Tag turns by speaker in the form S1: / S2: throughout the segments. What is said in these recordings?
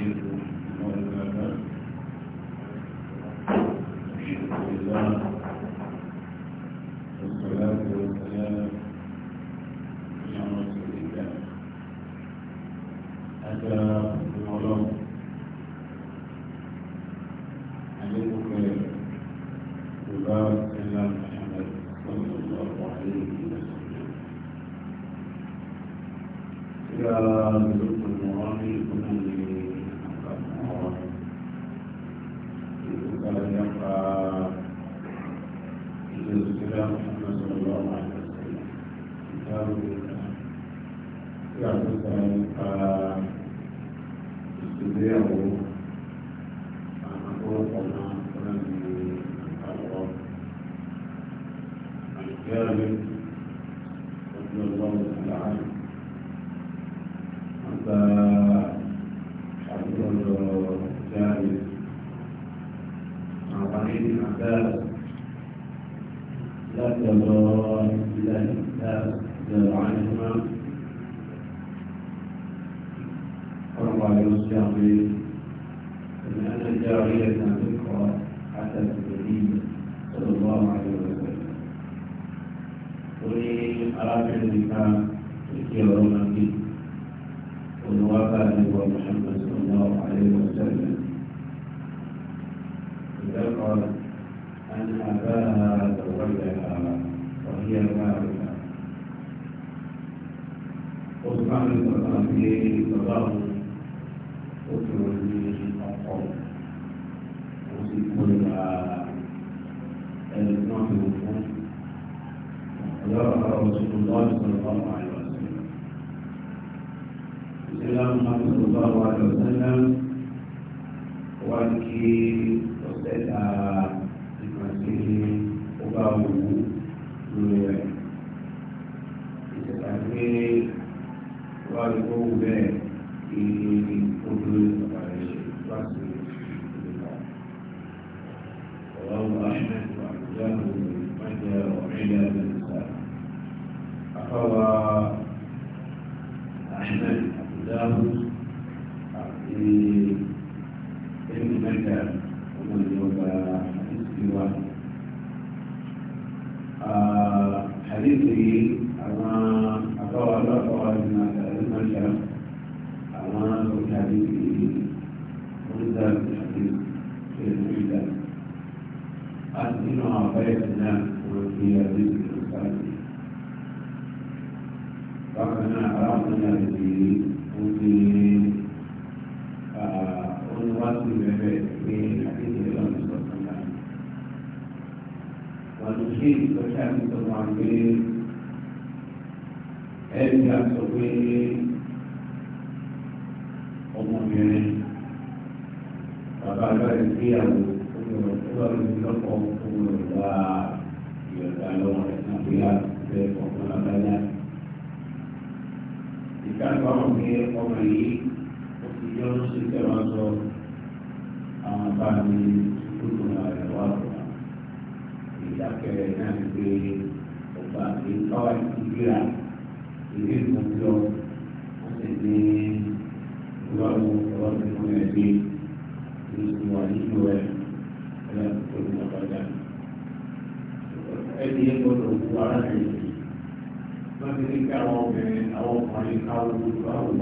S1: والسلام والسلام محمد صلى الله عليه وسلم كتاب الله يعطي سالفة استدعاء أقول قلنا قلنا من الأرواح عن جابر رضي الله تعالى عنه حتى حضر جابر عن قليل عباس عنهما قرب على الجاهل ان انا جاهلة ذكرى حسب النبي صلى الله عليه وسلم ولي اراد النكاح kan pé bàbá òun ó fi òun ní ọkọ òun sì kó ìgbà ẹni tí wọ́n fi òun fún ọ̀dọ́ bàbá òun sì kún lọ́ọ̀dù sọ̀rọ̀ bá wà rí kó wù bẹ́ẹ̀ kí ó dúró bàbá rẹ̀ ṣe láti ìgbà ọ̀rọ̀ ahmed abdulhadu májẹ ọ̀rẹ́lẹ̀ abẹ́lẹ́sà afáwa ahmed abdulhadu àti ẹni mẹ́ta ọmọ ìjọba àti wa. حديثه عن أبواب الأقوال من وسلم أعوان وتعديل إليه ورزاق الحديث في المجدد أدينها بيتنا وفي رزق المساعدين ربنا عرفنا به وفي ونواصل به في الحديث إلى الله ونشيد بشأن الله عليه ẹni àtọ̀ pé obìnrin bàbá agbára ìgbéyàwó olùrànlọ́wọ́ olùdókòwò olùrànlọ́wọ́ ìyọ̀dá lọ́wọ́ rẹ̀ náà bí a fẹ́ ọ̀pọ̀ lábájá. ìkàkọ́ àwọn pé ọmọ yìí ó ti yọ ọ́ sí ìjọba sọ àwọn bá mi lóko ààrẹ wà lọ́wọ́. ìdákẹ́rẹ́ náà ń gbé ọba ìkáwá ìdíra ìdí ìmọ̀jọ́ ó sì ní ìwádìí ìwádìí fún ẹgbẹ́ ìwà nínú ẹ ẹlẹ́kùn tó ní àbájá ẹni yẹn gbọ́dọ̀ wú ara rẹ̀ yìí wọ́n ti ní kí àwọn obìnrin àwọn ọkùnrin káwọn ojú káwọn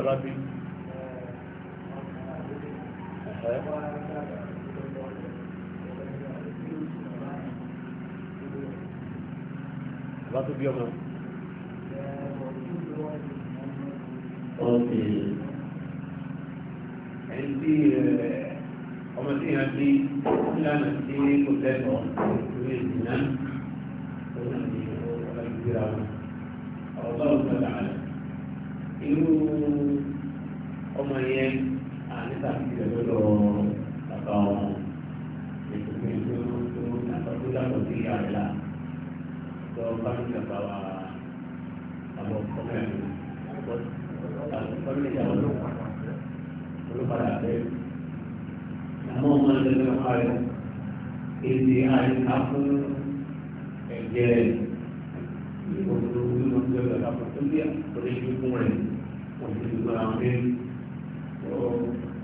S1: ìjọba bí. bá tó bí ọmọ. ọ̀sẹ̀ ẹni tí ọmọ tí yẹn bí nílànà tí kò tẹ́tọ̀ irú ọmọ yẹn àníta ti rẹ̀ lọ́dọ̀ bàbá wọn ètò pé tó tó nàkọ́ tó dàpọ̀ sí ìyá rẹ̀ la lọ bá mi bàbá wa àbọ̀ ọmọ ẹ̀ lọ́dọ̀ ìyá wọn olùpadà bẹ́ẹ̀ àmọ́ ọmọ ẹ̀ lọ́dọ̀ ayọ̀ èdè àyíká fún ẹ̀jẹ̀ ìbò ìgbẹ́ ìgbà kan tó bí oríṣiríṣi fún rẹ̀ wọ́n ti gbogbo àwọn pé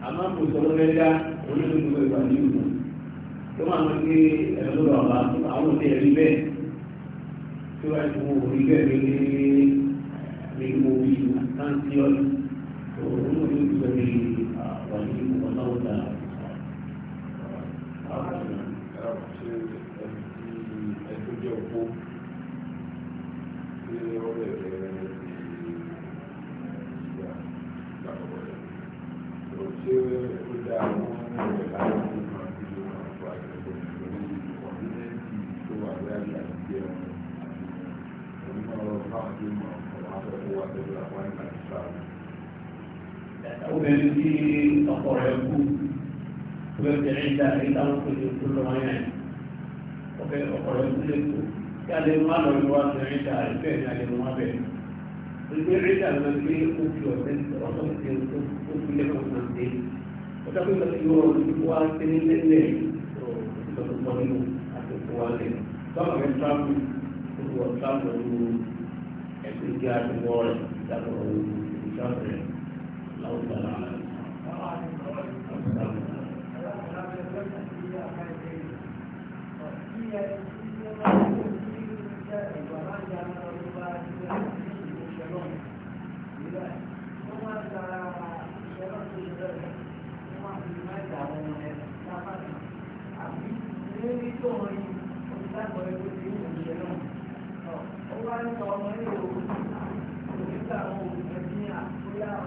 S1: àmọ́ kò sọ lọ́wọ́ ẹ̀dá oníṣẹ́ gbogbo ìgbà ní ìlú tó máa ń gbé ẹ̀rọ lọ́wọ́ àwọn òde ẹ̀rí bẹ́ẹ̀ tí wọ́n ti mú orí bẹ́ẹ̀ ní ní mo wí àkáǹtì ọ̀dọ̀ òun ò ní gbogbo ní àwọn ìlú ọ̀nà ọ̀dà àwọn ọ̀dà obìnrin tí ọkọ rẹ̀ kú obìnrin tí ẹ̀dá ẹ̀dá ó pè é kó lọ́wọ́ yẹn ọkọ rẹ̀ kú lè kú kálí má lọ ní wá sí ríta ìfẹ́ ní alẹ́ mọ́ bẹ́ẹ̀. Ìgbé ríta ló gbé òkè ọ̀sẹ̀ ọ̀sẹ̀ ti òkú lẹ́kọ̀ọ́ náà dé. Ó dábí lọ sí wọn ní wá sí ní lẹ́lẹ̀ ìtọ́sọ̀tọ̀ nínú àtòkò wa lẹ̀. Báwo ni tíráfù gbogbo tíráfù ọ̀hún ẹ̀sìn jẹ́ àdúgbò rẹ̀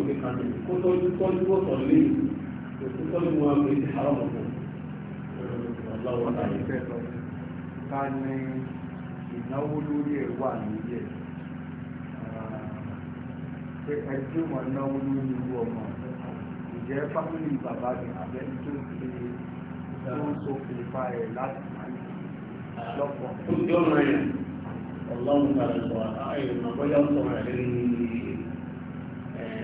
S1: kò lè kàn kó tọ́jú tọ́jú ọ̀tọ̀ lé kó tọ́jú wọn kò lè hàrọ̀ ọ̀pọ̀ ọ̀làwọ̀ láyé fẹ́ lọ ká ní ìnáwó lórí ẹ̀ wà lórí ẹ̀ ah, pé ẹjọ́ wọn náwó lórí irú ọmọ ìjẹ́ fámìlì bàbá mi àbẹ́ni tó ń fi tó ń so fìfà ẹ̀ láti máa ń lọ́pọ̀. ó ti ọ̀rọ̀ ẹ̀ ọlọ́run kàlẹ́ sọ̀rọ̀ àìrìnà bọ́yá sọ̀rọ̀ ẹ̀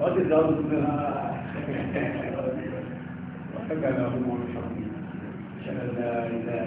S1: قد الزوج حكى له محمد شهد لا اله